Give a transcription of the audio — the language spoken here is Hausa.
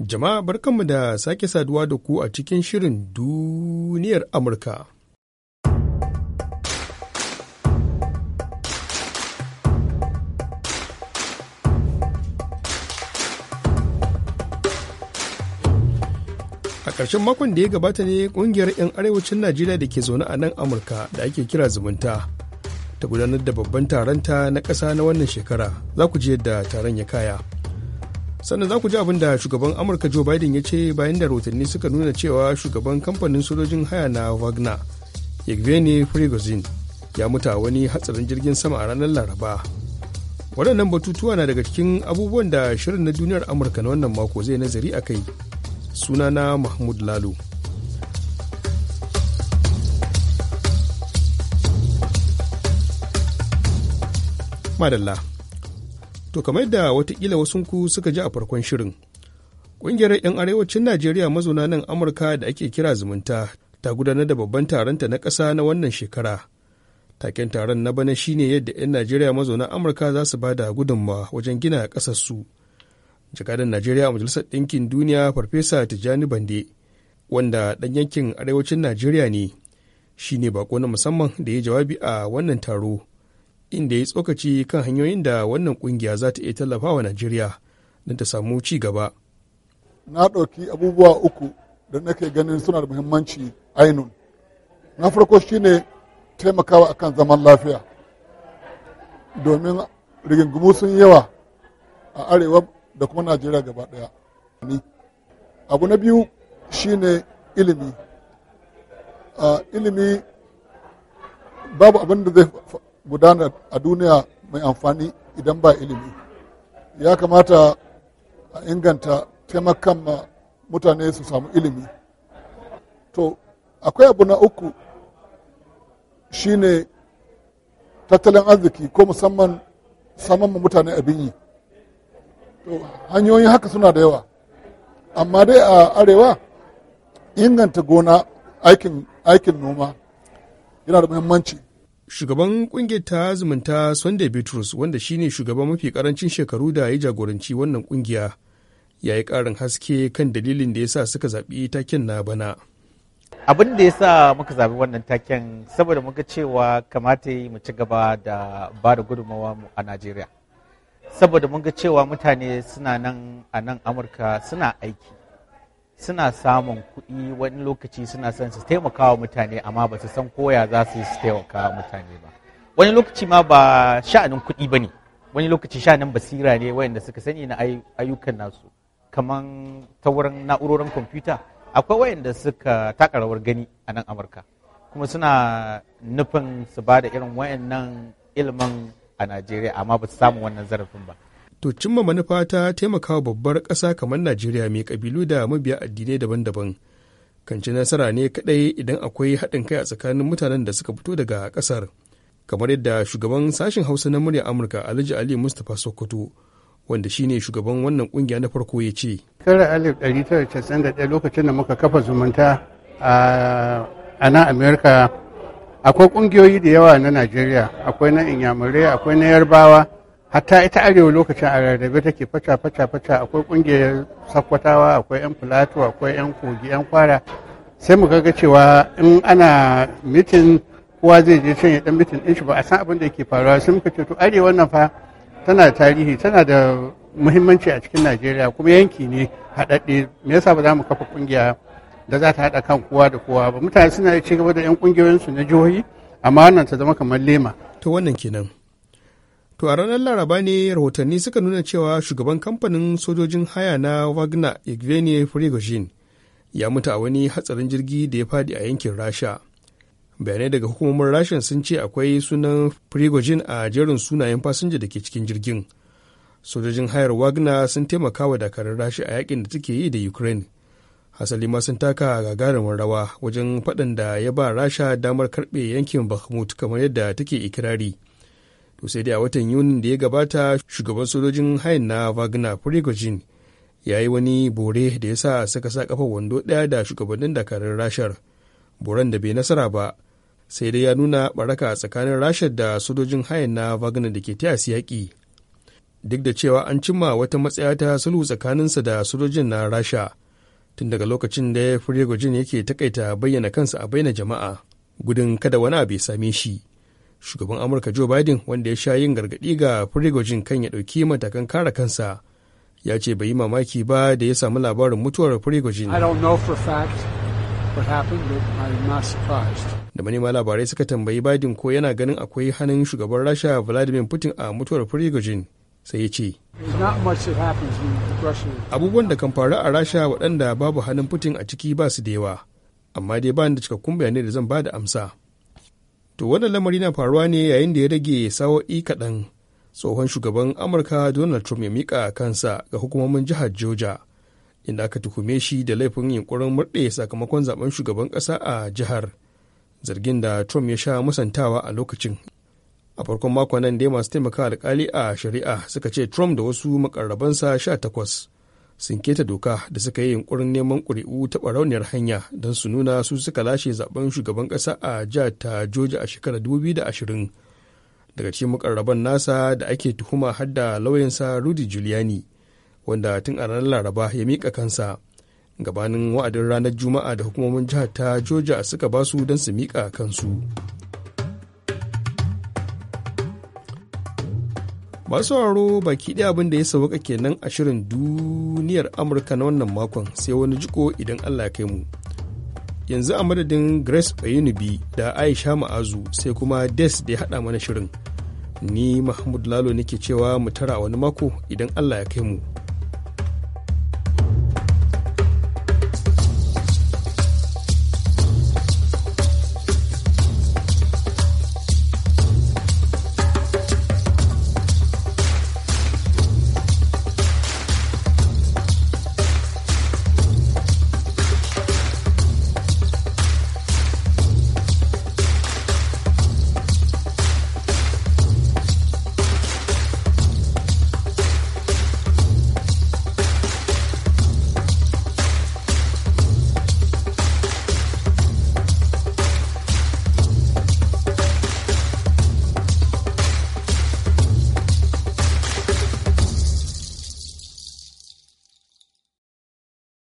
Jama'a barkanmu da sake saduwa da ku a cikin shirin duniyar Amurka. A ƙarshen makon da ya gabata ne ƙungiyar 'yan arewacin Najeriya da ke zaune a nan Amurka da ake kira zumunta ta gudanar da babban taronta na ƙasa na wannan shekara za ku je yadda taron ya kaya. sannan za ku ji abin da shugaban amurka joe biden ya ce bayan da rahotanni suka nuna cewa shugaban kamfanin sojojin haya na wagner yagveni prigozhin ya mutu a wani hatsarin jirgin sama a ranar laraba waɗannan batutuwa na daga cikin abubuwan da shirin na duniyar amurka na wannan mako zai nazari a kai sunana mahmud lalo madalla To kamar da watakila wasunku suka ji a farkon shirin. Ƙungiyar 'yan arewacin Najeriya mazauna nan Amurka da ake kira zumunta ta gudanar da babban taronta na ƙasa na wannan shekara. Taken taron na bana shine yadda 'yan Najeriya mazauna Amurka za su bada gudunmawa wajen gina ƙasarsu. Jakadan Najeriya a Majalisar Ɗinkin Duniya Farfesa Tijjani Bande, wanda ɗan yankin arewacin Najeriya ne, shine bako na musamman da ya jawabi a wannan taro. inda ya tsokaci kan hanyoyin da wannan kungiya za ta iya tallafa wa najeriya don ta samu ci gaba na ɗauki abubuwa uku da nake ganin suna da muhimmanci ainun na farko shine taimakawa akan zaman lafiya domin rigingimu sun yawa a arewa da kuma najeriya gaba daya abu na biyu shine ilimi ilimi babu abin da zai gudanar a duniya mai amfani idan ba ilimi ya kamata a inganta taimakan ma mutane su samu ilimi to akwai abu na uku shine tattalin arziki ko musamman saman mutane abin yi to hanyoyin haka suna da yawa amma dai a arewa inganta gona aikin noma yana da muhimmanci shugaban kungiyar ta zumunta sunday bitrus wanda shine shugaban mafi karancin shekaru da ya jagoranci wannan kungiya ya yi karin haske kan dalilin da ya sa suka zaɓi taken na bana abin da ya sa muka zaɓi wannan taken saboda muka cewa kamata mu ci gaba da ba da gudunmawa a najeriya saboda muka cewa mutane suna nan a nan amurka suna aiki suna samun kuɗi wani lokaci suna son su taimaka wa mutane amma ba su san koya za su yi su wa mutane ba wani lokaci ma ba sha'anin kuɗi ba ne wani lokaci sha'anin basira ne wayanda suka sani na ayyukan nasu kamar ta wurin na'urorin kwamfuta akwai wayanda suka taka rawar gani a nan amurka kuma suna nufin su ba da irin wayannan ilimin a najeriya amma ba su samu wannan zarafin ba to cimma manufa ta taimakawa babbar ƙasa kamar najeriya mai kabilu da mabiya addinai daban-daban kanci nasara ne kaɗai idan akwai haɗin kai a tsakanin mutanen da suka fito daga ƙasar kamar yadda shugaban sashen hausa na murya amurka alhaji ali mustapha sokoto wanda shine shugaban wannan kungiya na farko ya ce tara alif 1991 lokacin da muka kafa zumunta a nan amerika akwai kungiyoyi da yawa na najeriya akwai na inyamurai akwai na yarbawa hatta ita arewa lokacin a rarrabe take faca faca faca akwai kungiyar sakwatawa akwai yan filato akwai yan kogi yan kwara sai mu ga cewa in ana mitin kowa zai je can ya dan mitin din shi ba a san abin da yake faruwa sai muka ce to arewa nan fa tana tarihi tana da muhimmanci a cikin najeriya kuma yanki ne haɗaɗɗe me yasa ba za mu kafa kungiya da za ta haɗa kan kowa da kowa ba mutane suna ci gaba da yan kungiyoyinsu na jihohi amma wannan ta zama kamar lema to wannan kenan To a ranar Laraba ne rahotanni suka nuna cewa shugaban kamfanin sojojin haya na Wagner Yevgeny Prigozhin ya mutu a wani hatsarin jirgi da ya fadi a yankin Rasha. Bayanai daga hukumomin Rasha sun ce akwai sunan Prigozhin a jerin sunayen fasinja da ke cikin jirgin. Sojojin hayar Wagner sun taimaka wa dakarun Rasha a yakin da take yi da Ukraine. Hasali ma sun taka gagarumin rawa wajen faɗan da ya ba Rasha damar karɓe yankin Bakhmut kamar yadda take ikirari. to sai dai a watan yunin da ya gabata shugaban sojojin hayan na wagner prigozhin ya yi wani bore da ya sa suka sa kafa wando ɗaya da shugabannin dakarun rashar boren da bai nasara ba sai dai ya nuna baraka tsakanin rashar da sojojin hayan na wagner da ke ta yasi yaƙi duk da cewa an cimma wata matsaya ta sulhu tsakaninsa da sojojin na rasha tun daga lokacin da prigozhin yake takaita bayyana kansa a bayyana jama'a gudun kada wani abu ya same shi shugaban amurka joe biden wanda ya sha yin gargaɗi ga prigozhin kan ya ɗauki matakan kare kansa ya ce bai yi mamaki ba da ya samu labarin mutuwar prigozhin da manema labarai suka tambayi biden ko yana ganin akwai hannun shugaban rasha vladimir putin a mutuwar prigozhin sai ya ce abubuwan da kan faru a rasha waɗanda babu hannun putin a ciki ba su da yawa amma dai ba da cikakkun bayanai da zan ba da amsa To wannan lamari na faruwa ne yayin da ya rage sawo'i kaɗan tsohon shugaban Amurka Donald Trump ya miƙa kansa ga hukumomin jihar Georgia inda aka tuhume shi da laifin yunkurin murɗe sakamakon zaben shugaban ƙasa a jihar zargin da Trump ya sha musantawa a lokacin. A farkon makon nan dai masu taimaka alƙali a shari'a suka ce Trump da wasu makarrabansa takwas. sun keta doka da suka yi yunkurin neman ƙuri'u ta ɓarauniyar hanya don su nuna su suka lashe zaben shugaban ƙasa a jihar ta joji a shekarar 2020 daga cikin mukarraban nasa da ake tuhuma har da lauyansa Rudy Giuliani wanda tun a ranar Laraba ya miƙa kansa gabanin wa'adin ranar Juma'a da hukumomin jihar ta joji suka basu don su miƙa kansu. masu sauraro baki ɗaya abin da ya sauka kenan a shirin duniyar amurka na wannan makon sai wani jiko idan allah ya kai mu yanzu a madadin grace oyunubi da aisha ma'azu sai kuma des da ya haɗa mana shirin ni mahmud lalo nake cewa mu tara wani mako idan allah ya kai mu